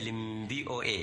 dandalin VOA.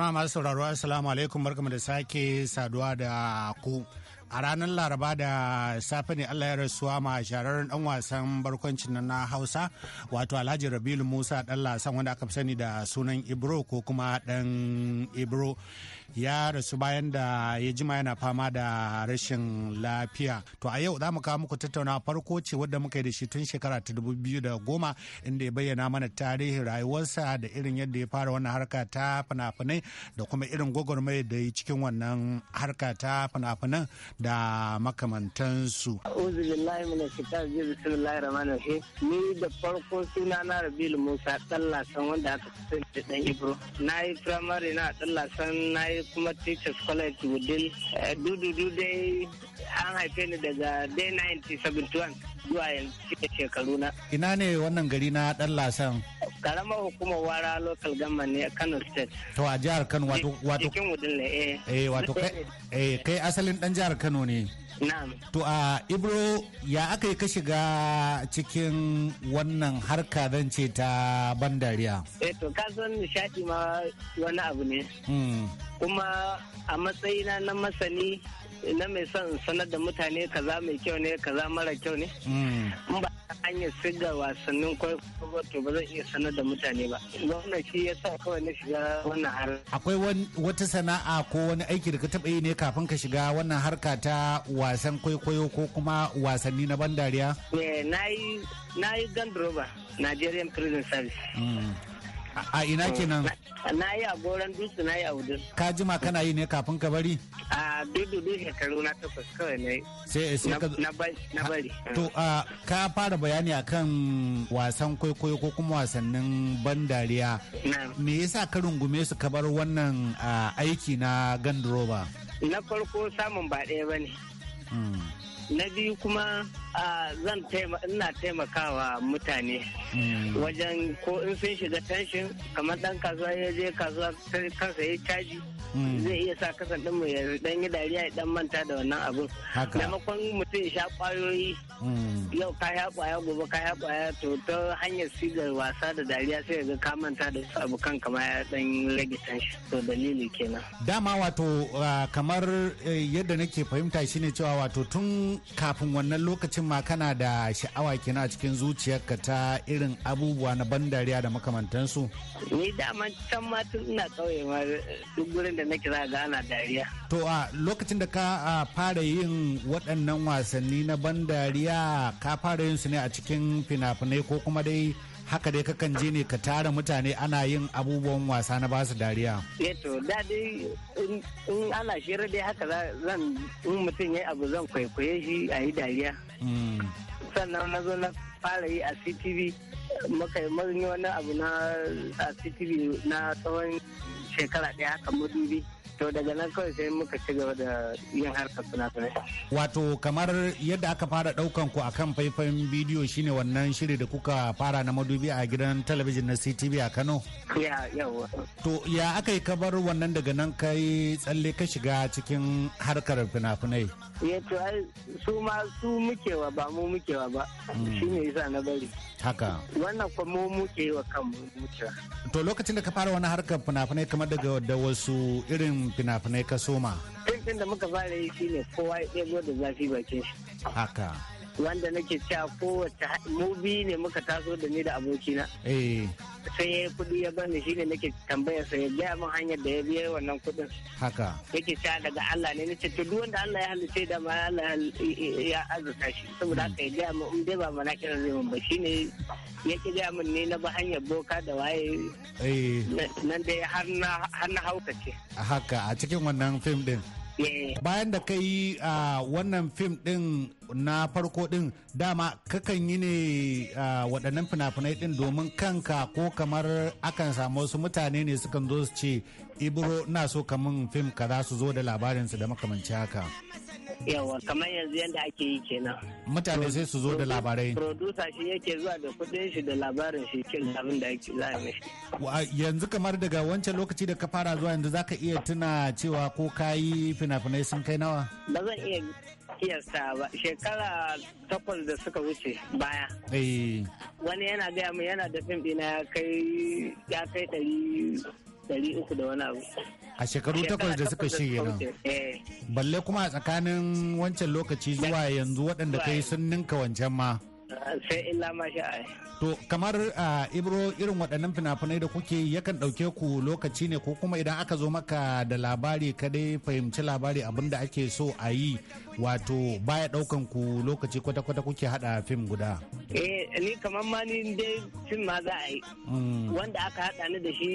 Jama'a masu sauraro Assalamu alaikum barkamu da sake saduwa da ku. A ranar Laraba da safe ne Allah ya rasuwa ma shahararren dan wasan barkwancin na Hausa wato Alhaji Rabilu Musa dan Lasan wanda aka fi sani da sunan Ibro ko kuma dan Ibro. ya rasu bayan da ya jima yana fama da rashin lafiya to a yau za mu kawo muku tattauna farko ce wadda muka yi da shi tun shekara ta dubu biyu da goma inda ya bayyana mana tarihin rayuwarsa da irin yadda ya fara wannan harka ta fina-finai da kuma irin gwagwarmaya da yi cikin wannan harka ta fina-finan da makamantansu. ni da farko suna na rabilu musa tsallasan wanda aka fi da dan ibro na yi firamare na tsallasan na yi kuma teachers college within dududu eh, dai an haife ni daga day 1971 zuwa yanzu shekaru na ina ne wannan gari na dan lasan karamar hukumar wara local government ne kano state to a jihar kano wato wato cikin wudin ne eh, eh wato kai eh, asalin dan jihar kano ne To a Ibro ya aka yi ka shiga cikin wannan harka zan ce ta ban dariya. Eh, to ka san nishadi ma wani abu ne. Hmm. Kuma a matsayina na masani na mai son sanar da mutane kaza mai kyau ne kaza mara kyau ne. Hmm. hanyar shiga wasannin kwakwato ba zan iya sanar da mutane ba wannan shi ya sa kawai na shiga wannan har akwai wata sana'a ko wani aiki da ka taɓa yi ne kafin ka shiga wannan harka ta wasan kwaikwayo ko kuma wasanni na ban dariya? Eh, na yi gandiroba nigerian prison service mm. a ina kenan na yi a goron dutse na yi a wudin ka jima kana yi ne kafin ka bari a dudu shekaru na takwas kawai na sai na bari to a ka fara bayani akan wasan kwaikwayo ko kuma wasannin ban dariya me yasa ka rungume su ka bar wannan aiki na ganduroba na farko samun ba ɗaya bane hmm. na biyu kuma zan ina taimakawa mutane hmm. wajen ko in sun shiga tashin kamar dan kasuwa ya je kasuwa kansa ya caji hmm. zai iya sa kasan ɗinmu ya dan yi dariya ya dan manta da wannan abin maimakon mutum sha kwayoyi hmm. yau ka ya kwaya gobe ka ya kwaya to ta hanyar sigar wasa da dariya sai ga ka manta da abu kan kama ya dan rage tashi to dalili kenan dama wato ah, kamar eh, yadda nake fahimta shine cewa wato tun kafin wannan lokacin lokacin ma kana da sha'awa kina cikin zuciyarka ta irin abubuwa na ban dariya da makamantansu? Ni dama can ma tun ina kauye ma duk gurin da nake za ga ana dariya. To a lokacin da ka fara yin waɗannan wasanni na ban dariya ka fara yin su ne a cikin fina-finai ko kuma dai haka dai kakan je ne ka tara mutane ana yin abubuwan wasa na basu dariya eh to da in ana shirar dai haka zan in mutum ya abu zan kwaikwaye shi a yi dariya hmm. sannan na zo na fara yi a ctv muka yi wani abu na ctv na tsawon shekara daya kan madubi to daga nan kawai sai muka ci gaba da yin harkar fina-finai. Wato kamar yadda aka fara ɗaukan ku akan faifan bidiyo shine wannan shiri da kuka fara na madubi a gidan talabijin na CTV a Kano? Ya yawa. To ya aka yi kabar wannan daga nan kai tsalle ka shiga cikin harkar fina-finai? Ya to ai su ma su mukewa ba mu mukewa ba hmm. shine yasa na bari. Haka. Wannan kuma mu mukewa kan mukewa. To lokacin da ka fara wani harkar fina-finai kamar daga da wasu irin fina-finai ka soma? Fim da muka fara yi shine kowa ya zo da zafi bakin shi. Haka. wanda nake cewa kowace mubi biyu ne muka taso da ni da abokina eh. sai ya kudi ya bani shi ne nake tambaya sai ya gaya min hanyar da ya biya wannan kudin haka yake cewa daga Allah ne nace to duk wanda Allah ya halice da ma Allah ya azurta shi saboda haka ya gaya min in dai ba mana kira zai mun ba ne ya ke gaya min ne na ba hanyar boka da waye eh. nan dai har na har na haukace haka a cikin wannan fim din eh. bayan da kai ah, wannan fim din na farko din dama kakan yi ne waɗannan fina-finai din domin kanka ko kamar akan samu wasu mutane ne sukan zo su ce ibro na so kamun fim ka za su zo da labarinsu da makamanci haka yawa kamar yanzu yadda ake yi kenan mutane sai su zo da labarai producer shi yake zuwa da kudin shi da labarin shi kin abin da yake za mishi yanzu kamar daga wancan lokaci da ka fara zuwa yanzu zaka iya tuna cewa ko kayi fina-finai sun kai nawa ba zan iya kiyasta ba shekara takwas da suka wuce baya wani yana gaya min yana da fim ɗina ya kai ya kai ɗari ɗari uku da wani abu a shekaru takwas da suka shige nan eh. balle kuma a tsakanin wancan lokaci zuwa yanzu waɗanda kai sun ninka wancan ma sai illa ma to kamar ibro irin waɗannan fina-finai da kuke yakan ɗauke ku lokaci ne ko kuma idan aka zo maka da labari kadai fahimci labari abin da ake so a yi wato baya ɗaukan ku lokaci kwata-kwata kuke haɗa fim guda eh ni kamar ma ni dai fim ma za a yi mm. wanda aka haɗa ni da shi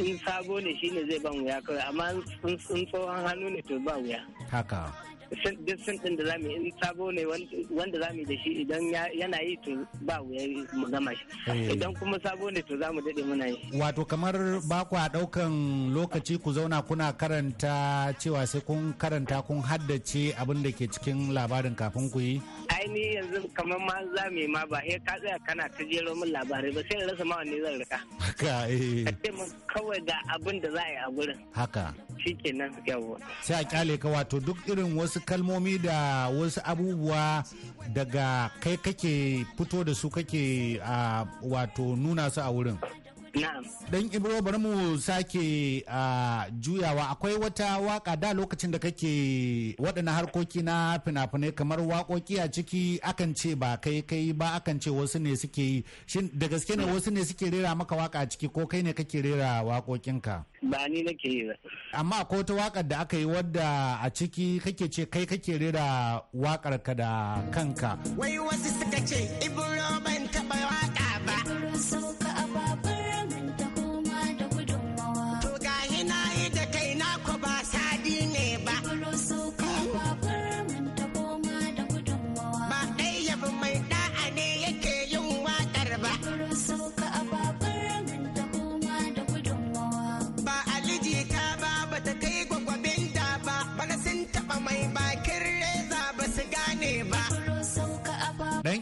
in sabo ne shi ne zai ban wuya kawai amma in tsohon hannu ne to ba wuya haka duk sun din da zamu in sabo ne wanda zamu da shi idan yana yi to ba wuya mu gama shi eh. idan kuma sabo ne to zamu dade muna yi wato kamar ba ku a daukan lokaci ku zauna kuna karanta cewa sai kun karanta kun haddace abin da ke cikin labarin kafin ku yi ni yanzu kamar ma za mu ma ba sai eh, ka tsaya kana ta jero min labarai ba sai na rasa ma wanne zan rika haka eh ka kawai ga abin da za a yi a gurin haka shikenan yawon. sai a kyale ka wato duk irin wasu kalmomi da wasu abubuwa daga kai kake fito da su kake ah, wato nuna su a wurin Dan Ibro bari mu sake juyawa akwai wata waka da lokacin da kake waɗannan harkoki na fina-finai kamar waƙoƙi a ciki akan ce ba kai kai ba akan ce wasu ne suke yi. Shin da gaske ne wasu ne suke rera maka waka a ciki ko kai ne kake rera waƙoƙinka? Ba ni nake yi ba. Amma ko ta waƙar da aka yi wadda a ciki kake ce kai kake rera waƙar ka da kanka. Wai wasu suka ce Ibro ban taɓa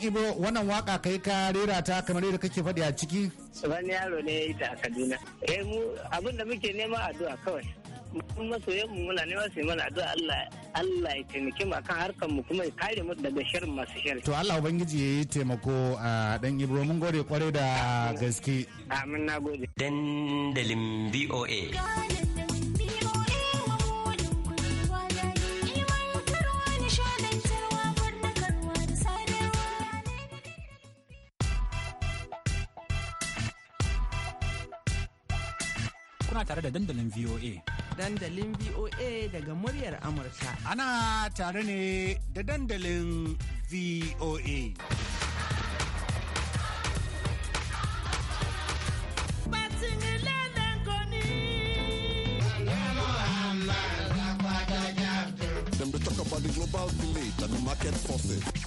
ibo wannan waka kai ka rera ta kamar yadda kake faɗi a ciki wani yaro ne ya yi ta a kaduna eh mu abin da muke nema addu'a kawai mun masoyan mu muna nema su mana addu'a Allah Allah ya taimake mu akan harkar mu kuma ya kare mu daga sharrin masu sharri to Allah ubangiji ya yi taimako a dan ibro mun gode kwarai da gaske amin nagode dandalin BOA kuna tare da dandalin VOA. Dandalin VOA daga muryar Amurka. Ana tare ne da dandalin VOA. Them they talk about the global village and the market forces.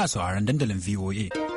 kuna sauraron dandalin VOA.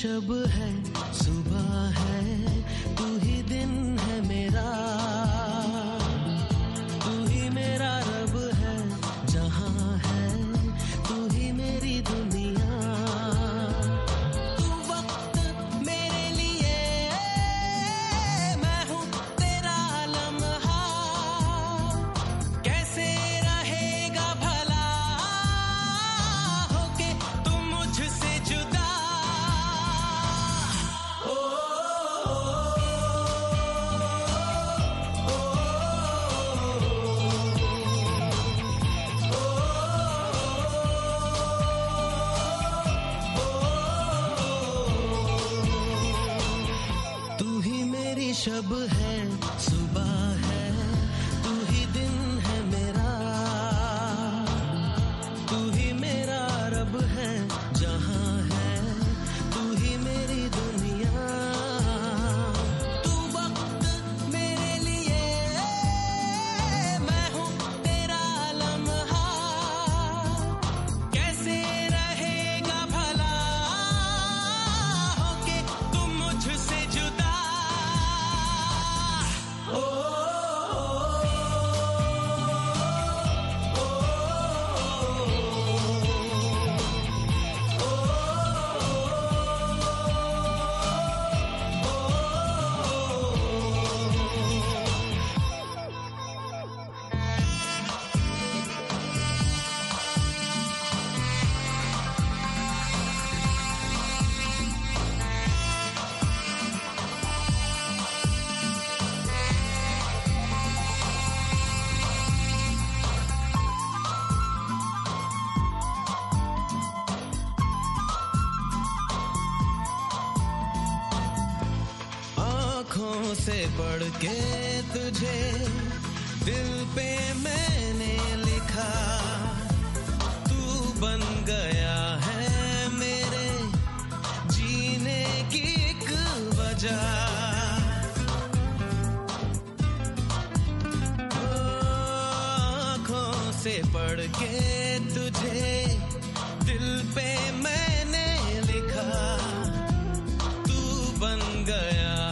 शब है के तुझे दिल पे मैंने लिखा तू बन गया है मेरे जीने की एक वजह से पढ़ के तुझे दिल पे मैंने लिखा तू बन गया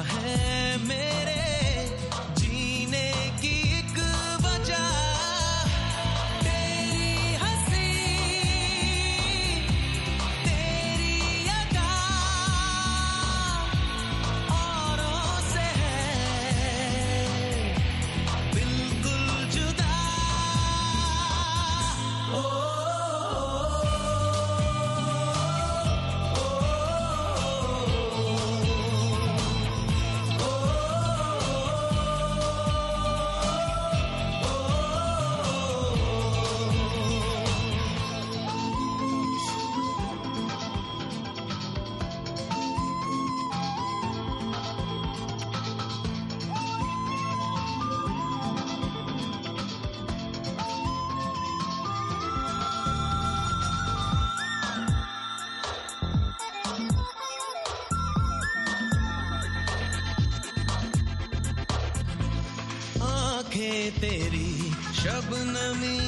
तेरी शबनमी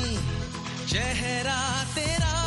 चेहरा तेरा